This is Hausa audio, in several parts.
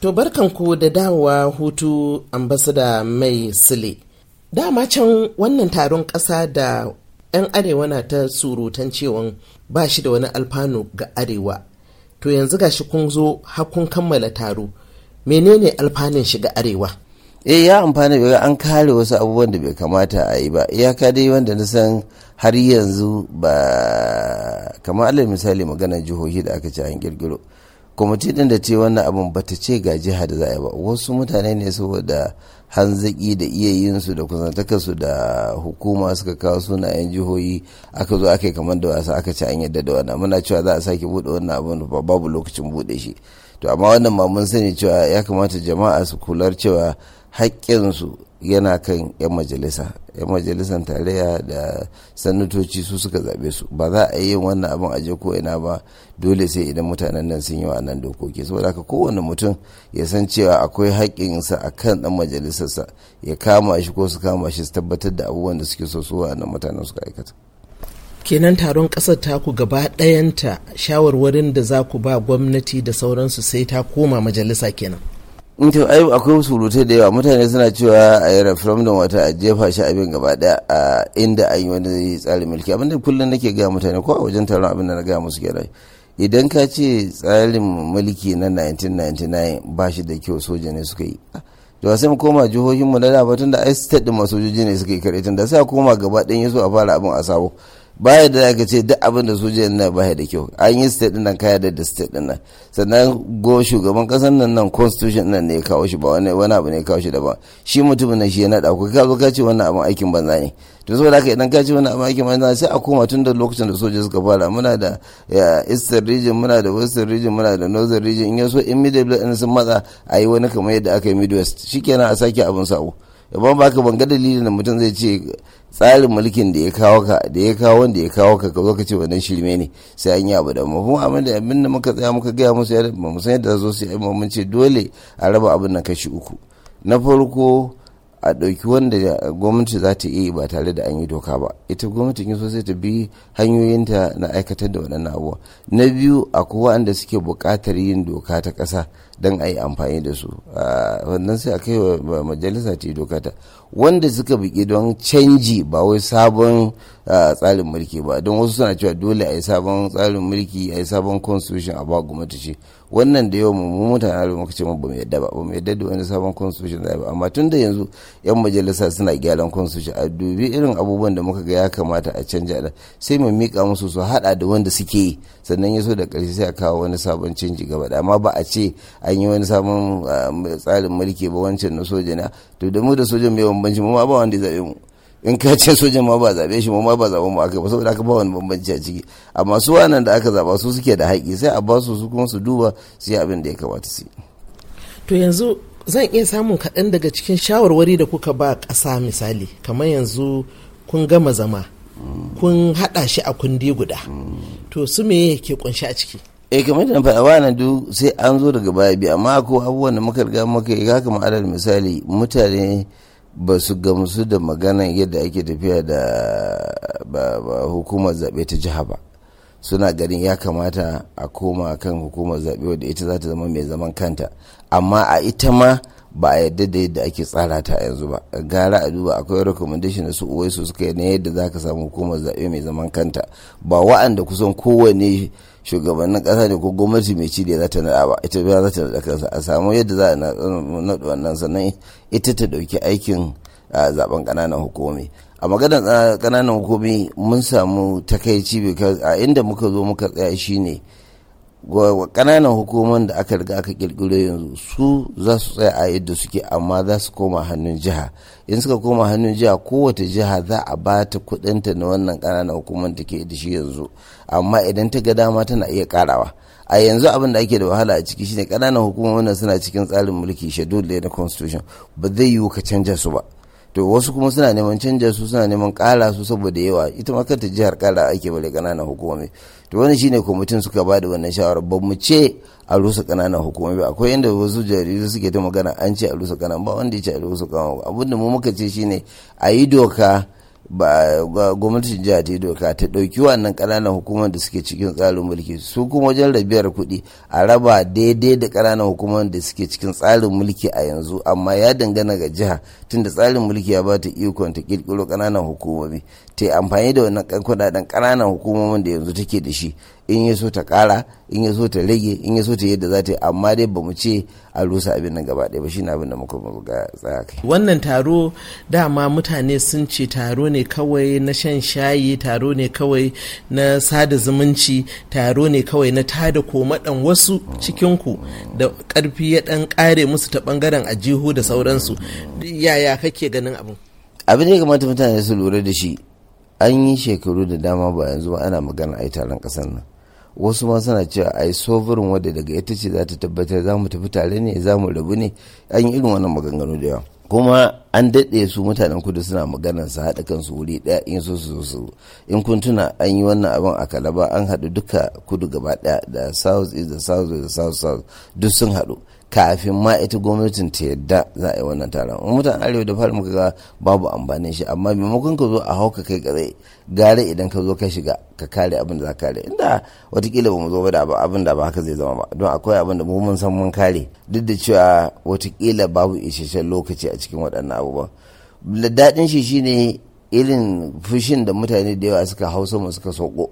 To barkanku da dawowa hutu ambasada mai sile. Dama can wannan taron ƙasa da 'yan arewa na ta surutan cewa ba shi da wani alfanu ga arewa. To yanzu gashi kun zo hakun kammala taro. Menene alfanin shi ga arewa? eh ya amfani da an kare wasu abubuwan da bai kamata a yi ba iyaka dai wanda na san har yanzu ba kamar alal misali maganar jihohi da aka ci an girgiro. kwamiti din da ce wannan abin ba ta ce ga jiha da za a yi ba wasu mutane ne saboda hanzaki da iya yin su da kusantakarsu da hukuma suka kawo sunayen jihohi aka zo aka yi kamar da wasa aka ci an yadda da wannan muna cewa za a sake bude wannan abin ba babu lokacin bude shi to amma wannan ma sani cewa ya kamata jama'a su kular cewa haƙƙinsu yana kan 'yan majalisa 'yan majalisan tarayya da sanatoci su suka zaɓe su ba za a yi wannan abin aje ko ina ba dole sai idan mutanen nan sun yi wa nan dokoki saboda haka kowane mutum ya san cewa akwai haƙƙinsa a kan ɗan majalisarsa ya kama shi ko su kama shi su tabbatar da abubuwan da suke so su wa nan mutanen suka aikata kenan taron ƙasar ku gaba ɗayanta shawarwarin da za ku ba gwamnati da sauransu sai ta koma majalisa kenan to ai akwai surutai da yawa mutane suna cewa a yi referendum wata a jefa shi abin gaba da a inda an yi wani tsarin mulki abinda kullum nake gaya mutane ko a wajen taron abin da na gaya musu kenan idan ka ce tsarin mulki na 1999 ba shi da kyau soja ne suka yi da wasu mu koma jihohinmu na da batun da ai state din masojoji ne suka yi kare tun da sai a koma gaba ɗayan yaso a fara abin a sabo baya da aka ce duk abin da sojan na baya da kyau an yi state din nan kaya da da state din nan sannan go shugaban kasan nan nan constitution nan ne ya kawo shi ba wani wani abu ne ya kawo shi daban shi mutumin nan shi ya nada ku ka zo ka ce wannan abin aikin banza ne to saboda haka idan ka ce wannan abin aikin banza sai a koma tun da lokacin da soja suka fara muna da eastern region muna da western region muna da northern region in yaso immediately in sun matsa a yi wani kamar yadda aka yi midwest shikenan a sake abin sa'o ban ba ka banga dalilin da mutum zai ce tsarin mulkin da ya kawo ka da ya kawo wanda ya kawo ka ka zo ka ce wannan shirme ne sai an yi abu da mafi abin da abin da muka tsaya muka gaya musu ya ba musan san yadda zo su yi mun ce dole a raba abin nan kashi uku na farko a ɗauki wanda gwamnati za ta iya ba tare da an yi doka ba ita gwamnati yin sosai ta bi hanyoyinta na aikatar da waɗannan abubuwa na biyu akwai waɗanda suke buƙatar yin doka ta ƙasa don a yi amfani da su wannan sai a kai wa majalisa ta doka dokata wanda suka biki don canji ba wai sabon tsarin mulki ba don wasu suna cewa dole a yi sabon tsarin mulki a yi sabon constitution a ba gwamnati ce wannan da yau mu mutane da muka ce ba mu yadda ba ba mu yadda da wani sabon constitution ba amma tun da yanzu yan majalisa suna gyaran constitution a dubi irin abubuwan da muka ga ya kamata a canja da sai mu mika musu su haɗa da wanda suke sannan ya so da karshe sai a kawo wani sabon canji gaba da amma ba a ce a an yi wani samun ah, tsarin mulki ba wancan na soja na to da mu da sojan mai bambanci mu ma ba wanda ya mu in ka ce sojan ma ba zaɓe shi mu ma ba zabe mu aka ba saboda aka ba wani bambanci a ciki amma su wannan da aka zaba su suke da haƙi sai a ba su su kuma su duba su yi abin da ya kamata su to yanzu zan iya samun kaɗan daga cikin shawarwari da kuka ba ƙasa misali kamar yanzu kun gama zama mm. kun haɗa shi a kundi guda mm. to su me yake kunshi a ciki e kamar da na faɗa na duk sai an zo daga baya biya amma ko abubuwan da muka riga muka yi haka ma'adar misali mutane ba su gamsu da magana yadda ake tafiya da hukumar zaɓe ta jiha ba suna ganin ya kamata a koma kan hukumar zaɓe wadda ita za ta zama mai zaman kanta amma a ita ma ba a yadda da yadda ake tsara ta a yanzu ba gara a duba akwai recommendation da su uwai su suka yi na yadda za ka samu hukumar zaɓe mai zaman kanta ba wa'anda kusan kowane shugabannin ƙasa ne ko gwamnati mai ci da za ta naɗa ba ita ba za ta naɗa kansa a samu yadda za a naɗa wannan sannan ita ta ɗauki aikin zaben ƙananan hukumi a maganar ƙananan hukumi mun samu takaici a inda muka zo muka tsaya shine ne kananan hukumar da aka riga aka kirkiro yanzu su za su tsaya a yadda suke amma za su koma hannun jiha in suka koma hannun jiha kowace jiha za a ba ta kudinta na wannan kananan hukumar da ke da shi yanzu amma idan ta ga dama tana iya karawa a yanzu abin da ake da wahala a ciki shine kananan hukumar wannan suna cikin tsarin mulki shedule na constitution ba zai yiwu ka canja su ba to wasu kuma suna neman canja su suna neman kala su saboda yawa ita ma kanta jihar kala ake bale kananan hukumomi to wani shine kwamitin suka bada wannan shawara ba mu ce a rusa kananan hukumomi ba akwai inda wasu jaridu suke ta magana an ce a rusa kananan ba wanda ya ce a rusa kananan abinda mu muka ce shine a yi doka ba gwamnatin jiha ta doka ta ɗauki wannan kananan hukumar da suke cikin tsarin mulki su kuma wajen rabiyar kuɗi a raba daidai da kananan hukumar da suke cikin tsarin mulki a yanzu amma ya dangana ga jiha tunda tsarin mulki ya bata ta ikon ta kirkiro kananan hukumomi ta amfani da wannan kuɗaɗen kananan hukumomin da yanzu take da shi in ya so ta kara in ya so ta rage in ya so ta yadda za ta yi amma dai ba mu ce a rusa abin nan gaba ɗaya ba shi na abin da muka buga tsaya kai wannan taro dama mutane sun ce taro ne kawai na shan shayi taro ne kawai na sada zumunci taro ne kawai na tada dan wasu cikin ku da ƙarfi ya ɗan ƙare musu ta ɓangaren ajihu da sauransu yaya kake ganin abin abin da ya kamata mutane su lura da shi an yi shekaru da dama ba yanzu ba ana magana a yi taron ƙasar nan wasu ma suna cewa ai sovereign wadda daga ita ce za ta tabbatar za mu tafi tare ne za mu rabu ne an yi irin wannan maganganu da yawa kuma an daɗe su mutanen kudu suna maganar su haɗa kansu wuri ɗaya in so su su in kun tuna an yi wannan abin a kalaba an haɗu duka kudu gaba ɗaya da south east da south da south south duk sun haɗu kafin ma ita gwamnatin ta yadda za a yi wannan taron mutan arewa da fara muka ga babu amfanin shi amma maimakon ka zo a hau ka kai kare gare idan ka zo ka shiga ka kare abin da za ka kare inda watakila ba mu zo ba da abin da ba haka zai zama ba don akwai abin da mun san mun kare duk da cewa watakila babu isasshen lokaci a cikin waɗannan abubuwan daɗin shi shine irin fushin da mutane da yawa suka hausa mu suka soko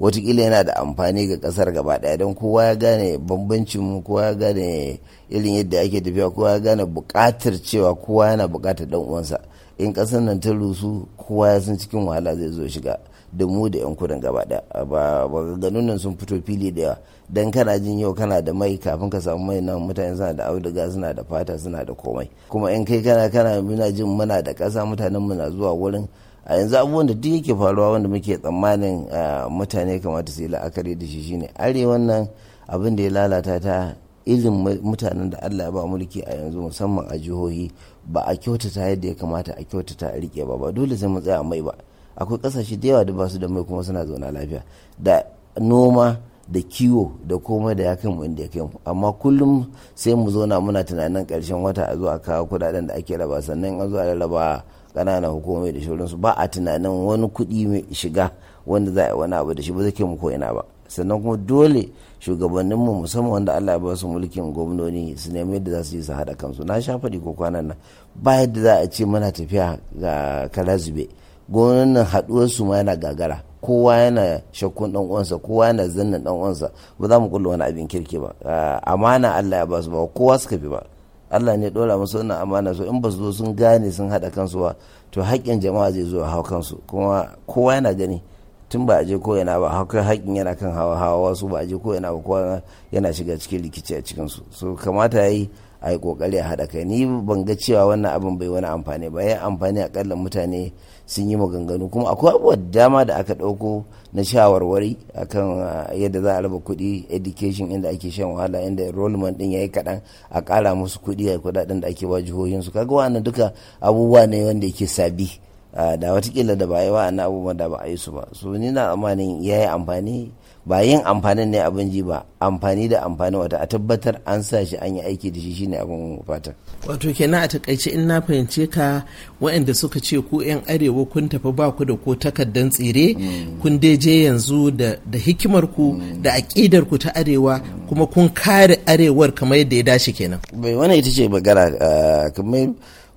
watakila yana da amfani ga kasar gaba daya don kowa ya gane bambancin mu kowa ya gane irin yadda ake tafiya kowa ya gane bukatar cewa kowa yana bukatar dan uwansa in kasar nan ta rusu kowa ya san cikin wahala zai zo shiga da mu da yan kudin gaba daya ba ganin nan sun fito fili da yawa dan kana jin yau kana da mai kafin ka samu mai nan mutane suna da auduga suna da fata suna da komai kuma in kai kana kana muna jin muna da kasa mutanen mu na zuwa wurin a yanzu abubuwan da duk yake faruwa wanda muke tsammanin mutane kamata su yi la'akari da shi shine arewan nan abin da ya lalata ta ilin mutanen da Allah ya ba mulki a yanzu musamman a jihohi ba a kyautata yadda ya kamata a kyautata a rike ba ba dole sai mu tsaya mai ba akwai kasashe da yawa da ba su da mai kuma suna zauna lafiya da noma da kiwo da komai da ya kai mu inda ya kai mu amma kullum sai mu zauna muna tunanin karshen wata a zuwa kawo kudaden da ake raba sannan a zuwa a kananan hukumomi da shauransu ba a tunanin wani kuɗi mai shiga wanda za a yi wani abu da shi ba zai mu ko ina ba sannan kuma dole shugabanninmu musamman wanda Allah ya ba su mulkin gwamnoni su nemi yadda za su yi su haɗa kansu na sha faɗi ko kwanan nan ba yadda za a ce muna tafiya ga kalazube zube nan haɗuwar su ma yana gagara kowa yana shakkun ɗan uwansa kowa yana zannan ɗan uwansa ba za mu kulle wani abin kirki ba ah, amana Allah ya ba su ba kowa suka fi ba Allah ne dora musu wannan amana so in ba su zo sun gane sun hada kansu ba to haƙƙin jama'a zai zo a hau kansu kuma kowa yana gani tun ba a je ko yana ba haka haƙƙin yana kan hawa hawa wasu ba a je ko yana ba kowa yana shiga cikin rikici a cikinsu so kamata yayi a yi kokari a haɗa kai ni ban ga cewa wannan abin bai wani amfani ba ya amfani akalla mutane sun yi maganganu kuma akwai abubuwa dama da aka ɗauko na shawarwari akan ah, yadda za a raba kuɗi education inda ake shan wahala inda enrollment din yayi kaɗan a ƙara musu kuɗi a kuɗaɗen da ake ba jihohin su kaga wannan duka abubuwa ne wanda yake sabi ah, da watakila da ba yi wa'annan abubuwan da ba a yi su ba so ni na tsammanin ya yi amfani ba yin amfanin ne abin ji ba amfani da amfanin wata a tabbatar an sa shi an yi aiki da shi shine abin fata wato kenan a takaice in na fahimce ka waɗanda suka ce ku yan arewa kun tafi ba ku da ko takardan tsire mm. kun dai je yanzu da hikimar ku mm. da aƙidar ku ta arewa kuma kun kare arewar kamar yadda ya dace kenan bai wani ita ce magana eh, kamar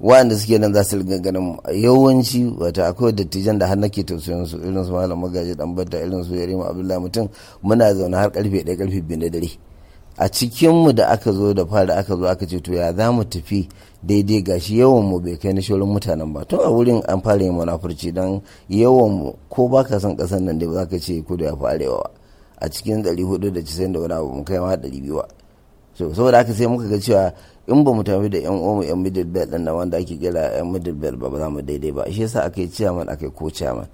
wa'anda suke nan za su riga ganin yawanci wata akwai dattijan da har nake tausayin su irin su malam magaji dan batta irin su yarima abdullahi mutum muna zaune har karfe 1 karfe 2 na dare a cikin mu da aka zo da fara aka zo aka ce to ya za mu tafi daidai gashi yawan mu bai kai na shorin mutanen ba tun a wurin an fara yin munafurci dan yawan mu ko baka son kasan nan da ba za ka ce kudu ya fi arewa a cikin 490 da wani abu mun kai ma 200 so saboda haka sai muka ga cewa in ba mu tafi da yan omo yan middle belt din nan wanda ake kira yan middle belt ba ba za mu daidai ba shi yasa aka yi chairman aka yi ko chairman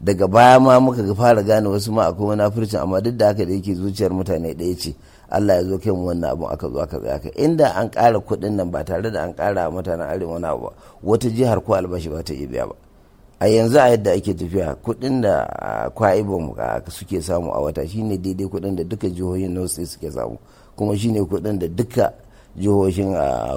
daga baya ma muka ga fara gane wasu ma akwai wani afircin amma duk da haka da yake zuciyar mutane ɗaya ce Allah ya zo kai mu wannan abun aka zo aka tsaya inda an ƙara kuɗin nan ba tare da an ƙara mutanen arewa na abu ba wata jihar ko albashi ba ta iya biya ba a yanzu a yadda ake tafiya kuɗin da kwa'ibon suke samu a wata shine daidai kuɗin da duka jihohin north suke samu kuma shine kuɗin da duka jihohin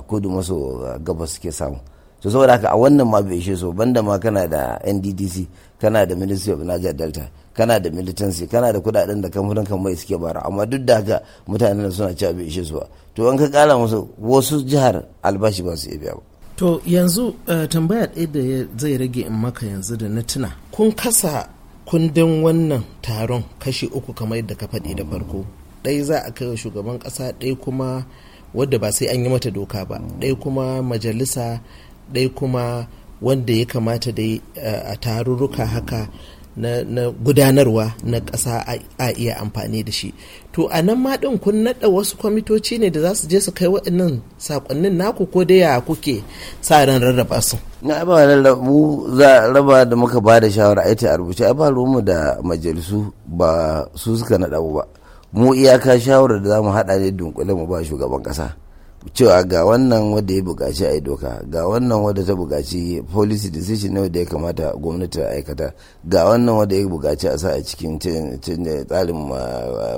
kudu maso gabas suke samu to saboda haka a wannan ma bai ishe so banda ma kana da nddc kana da ministry of niger delta kana da militancy kana da kudaden da kamfanin kan mai suke bara amma duk da haka mutanen suna cewa bai ishe su to an ka kala musu wasu jihar albashi ba su iya biya ba to yanzu uh, tambaya ɗaya da zai rage in maka yanzu da na tuna kun kasa kundin wannan taron kashi uku kamar yadda ka faɗi da farko ɗai za a kai wa shugaban ƙasa ɗaya kuma wadda ba sai an yi mata doka ba ɗaya kuma majalisa ɗai kuma wanda ya kamata dai uh, a tarurruka haka na, na gudanarwa na ƙasa a iya amfani da shi to a nan ma ɗin kun naɗa wasu kwamitoci ne da za su je su kai waɗannan saƙonnin naku ko da ya kuke sa ran rarraba su na ba mu za raba da muka ba da shawara ita a rubuce a ba mu da majalisu ba su suka naɗa ba mu iyaka shawarar da za mu haɗa ne dunkule mu ba shugaban ƙasa cewa ga wannan wadda ya bukaci a doka ga wannan wadda ta bukaci policy decision ne wadda ya kamata gwamnati ta aikata ga wannan wadda ya bukaci a sa a cikin tsarin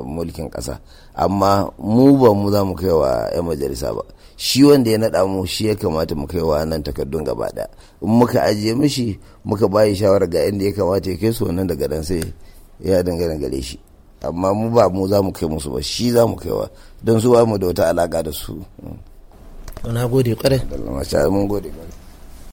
mulkin kasa amma mu ba mu za mu kai 'yan majalisa ba shi wanda ya naɗa mu shi ya kamata mu kai wa nan takardun gaba ɗaya muka ajiye mishi muka bayi shawara ga inda ya kamata ya kai su wannan daga dan sai ya dangana gare shi amma mu ba mu za mu kai musu ba shi za mu kaiwa don su ba mu da wata alaka da su. Na gode kwarai. Mun gode kwarai.